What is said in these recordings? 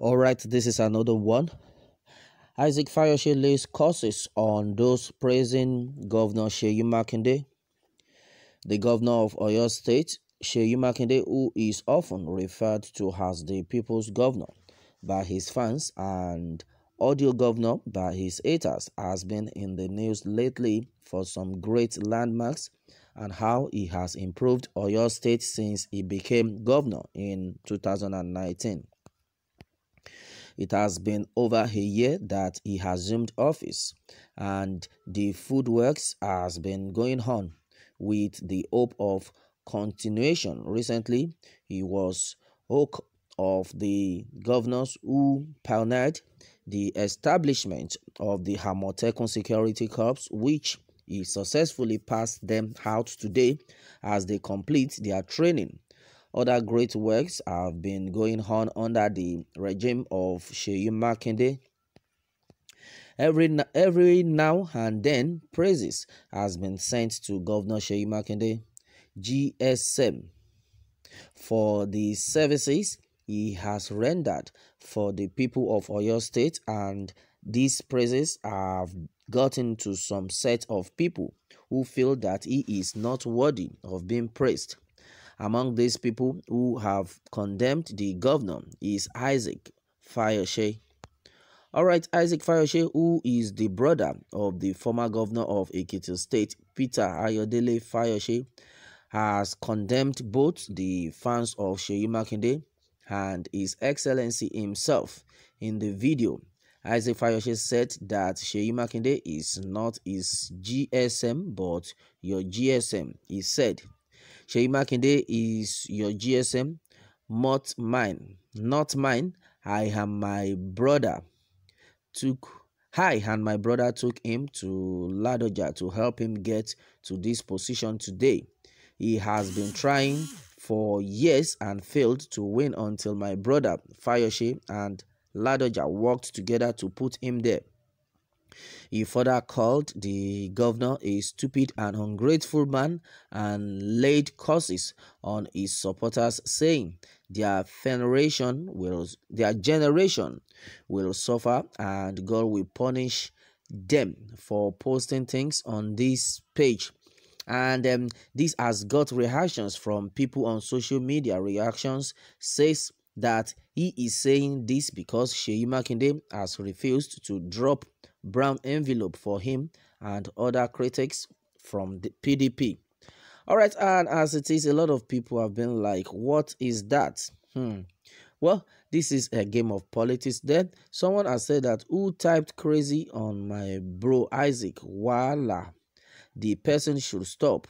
All right, this is another one. Isaac Fayoshe lays curses on those praising Governor Sheyi Makinde. The governor of Oyo State, Sheyi Makinde, who is often referred to as the people's governor by his fans and audio governor by his haters, has been in the news lately for some great landmarks and how he has improved Oyo State since he became governor in 2019. It has been over a year that he assumed office, and the food works has been going on with the hope of continuation. Recently, he was hook of the governors who pioneered the establishment of the Hamotekun Security Corps, which he successfully passed them out today as they complete their training other great works have been going on under the regime of Sheyi Makinde. Every, every now and then, praises has been sent to Governor Sheyi Makinde, GSM, for the services he has rendered for the people of Oyo State, and these praises have gotten to some set of people who feel that he is not worthy of being praised. Among these people who have condemned the governor is Isaac Fayoshe. All right, Isaac Fayoshe, who is the brother of the former governor of Ekiti State, Peter Ayodele Fayoshe, has condemned both the fans of Sheyu Makinde and His Excellency himself in the video. Isaac Fayoshe said that Sheyu Makinde is not his GSM but your GSM, he said. Shei Makinde is your GSM, not mine. Not mine. I am my brother. Took Hi, and my brother took him to Ladoja to help him get to this position today. He has been trying for years and failed to win until my brother Fayoshe and Ladoja worked together to put him there. He further called the governor a stupid and ungrateful man and laid curses on his supporters, saying their generation will, their generation will suffer and God will punish them for posting things on this page. And um, this has got reactions from people on social media. Reactions says that he is saying this because Sheyi Makinde has refused to drop brown envelope for him and other critics from the PDP. All right, and as it is, a lot of people have been like, what is that? Hmm. Well, this is a game of politics. Then someone has said that who typed crazy on my bro Isaac? Voila. The person should stop.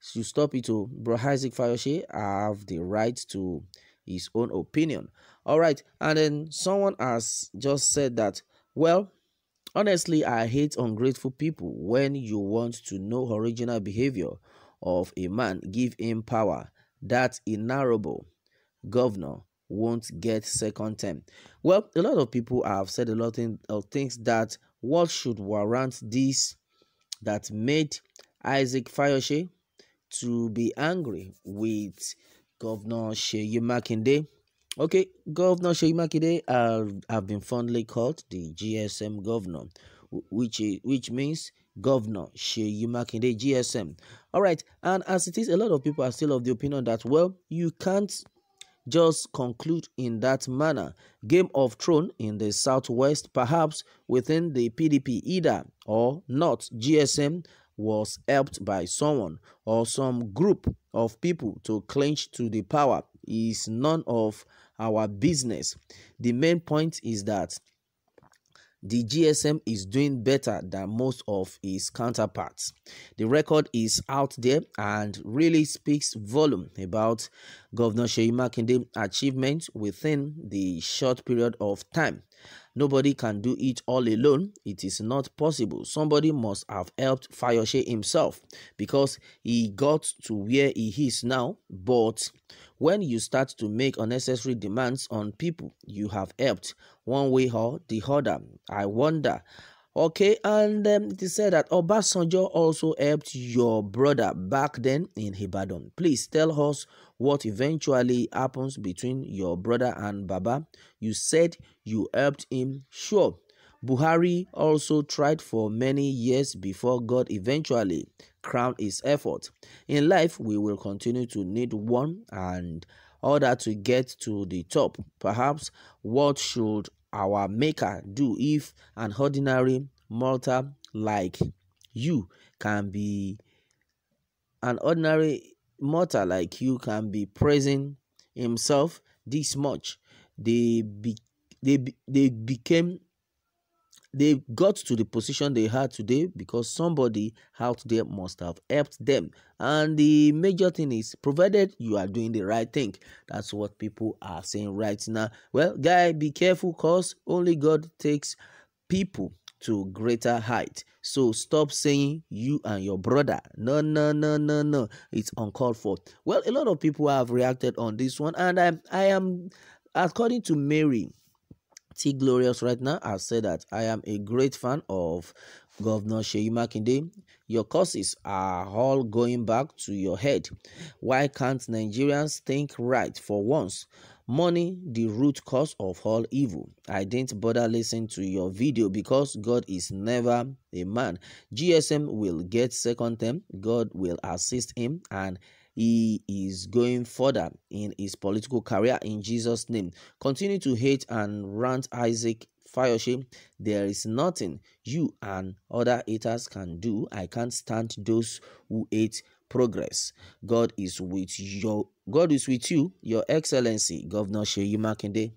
Should stop it to oh. bro Isaac Fayoshe. I have the right to his own opinion. All right. And then someone has just said that, well, honestly, I hate ungrateful people. When you want to know original behavior of a man, give him power. That inarabo governor won't get second term. Well, a lot of people have said a lot of things that what should warrant this that made Isaac Fayoshe to be angry with Governor Sheyi Makinde. Okay, Governor Sheyi Makinde uh, have been fondly called the GSM governor, which which means Governor Sheyi Makinde GSM. All right, and as it is, a lot of people are still of the opinion that well, you can't just conclude in that manner. Game of Throne in the southwest, perhaps within the PDP either or not. GSM was helped by someone or some group of people to clinch to the power is none of our business. The main point is that the GSM is doing better than most of its counterparts. The record is out there and really speaks volume about Governor Sheyi Makinde's achievements within the short period of time. Nobody can do it all alone. It is not possible. Somebody must have helped Fayoshe himself because he got to where he is now. But when you start to make unnecessary demands on people you have helped one way or the other, I wonder Okay, and um, it is said that Obasanjo also helped your brother back then in Ibadan. Please tell us what eventually happens between your brother and Baba. You said you helped him. Sure. Buhari also tried for many years before God eventually crowned his effort. In life, we will continue to need one and other to get to the top. Perhaps what should our Maker do if an ordinary mortal like you can be an ordinary mortal like you can be praising himself this much they be, they they became they got to the position they had today because somebody out there must have helped them and the major thing is provided you are doing the right thing that's what people are saying right now well guy be careful cause only god takes people to greater height. So stop saying you and your brother. No, no, no, no, no. It's uncalled for. Well, a lot of people have reacted on this one, and I, I am, according to Mary T. Glorious right now, I said that I am a great fan of Governor Sheyi Makinde. Your causes are all going back to your head. Why can't Nigerians think right for once? Money, the root cause of all evil. I didn't bother listening to your video because God is never a man. GSM will get second term. God will assist him and he is going further in his political career in Jesus' name. Continue to hate and rant Isaac Fayoshe. There is nothing you and other haters can do. I can't stand those who hate progress. God is with your God is with you, Your Excellency, Governor Sheyi Makinde.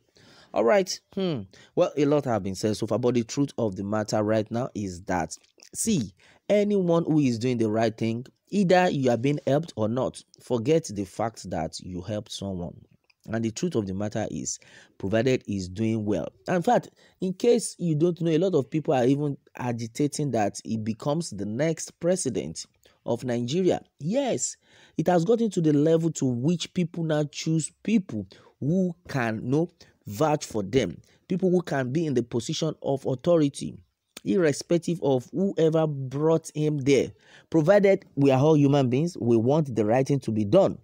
All right. Hmm. Well, a lot have been said so far, but the truth of the matter right now is that see, anyone who is doing the right thing, either you are being helped or not, forget the fact that you helped someone. And the truth of the matter is, provided is doing well. In fact, in case you don't know, a lot of people are even agitating that he becomes the next president of Nigeria. Yes, it has gotten to the level to which people now choose people who can you know vouch for them, people who can be in the position of authority, irrespective of whoever brought him there. Provided we are all human beings, we want the right thing to be done.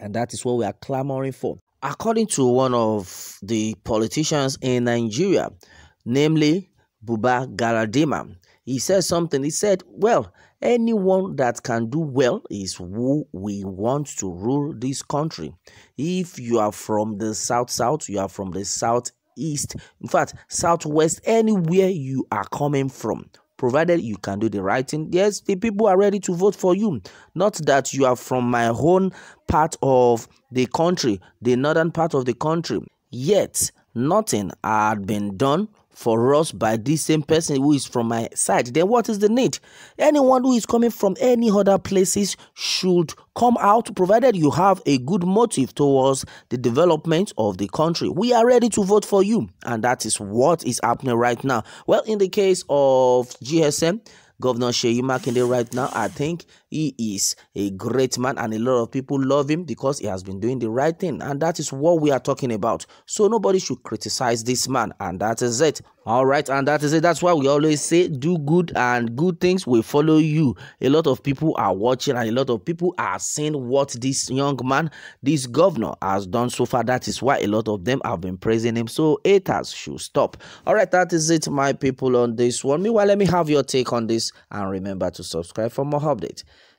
And that is what we are clamoring for. According to one of the politicians in Nigeria, namely Buba Galadima. He said something. He said, Well, anyone that can do well is who we want to rule this country. If you are from the South South, you are from the South East, in fact, Southwest, anywhere you are coming from, provided you can do the right thing. Yes, the people are ready to vote for you. Not that you are from my own part of the country, the northern part of the country. Yet, nothing had been done for us by this same person who is from my side, then what is the need? Anyone who is coming from any other places should come out provided you have a good motive towards the development of the country. We are ready to vote for you, and that is what is happening right now. Well, in the case of GSM, Governor Sheyi Makinde right now, I think he is a great man and a lot of people love him because he has been doing the right thing. And that is what we are talking about. So nobody should criticize this man. And that is it. All right. And that is it. That's why we always say do good and good things will follow you. A lot of people are watching and a lot of people are seeing what this young man, this governor has done so far. That is why a lot of them have been praising him. So haters should stop. All right. That is it, my people, on this one. Meanwhile, let me have your take on this and remember to subscribe for more updates.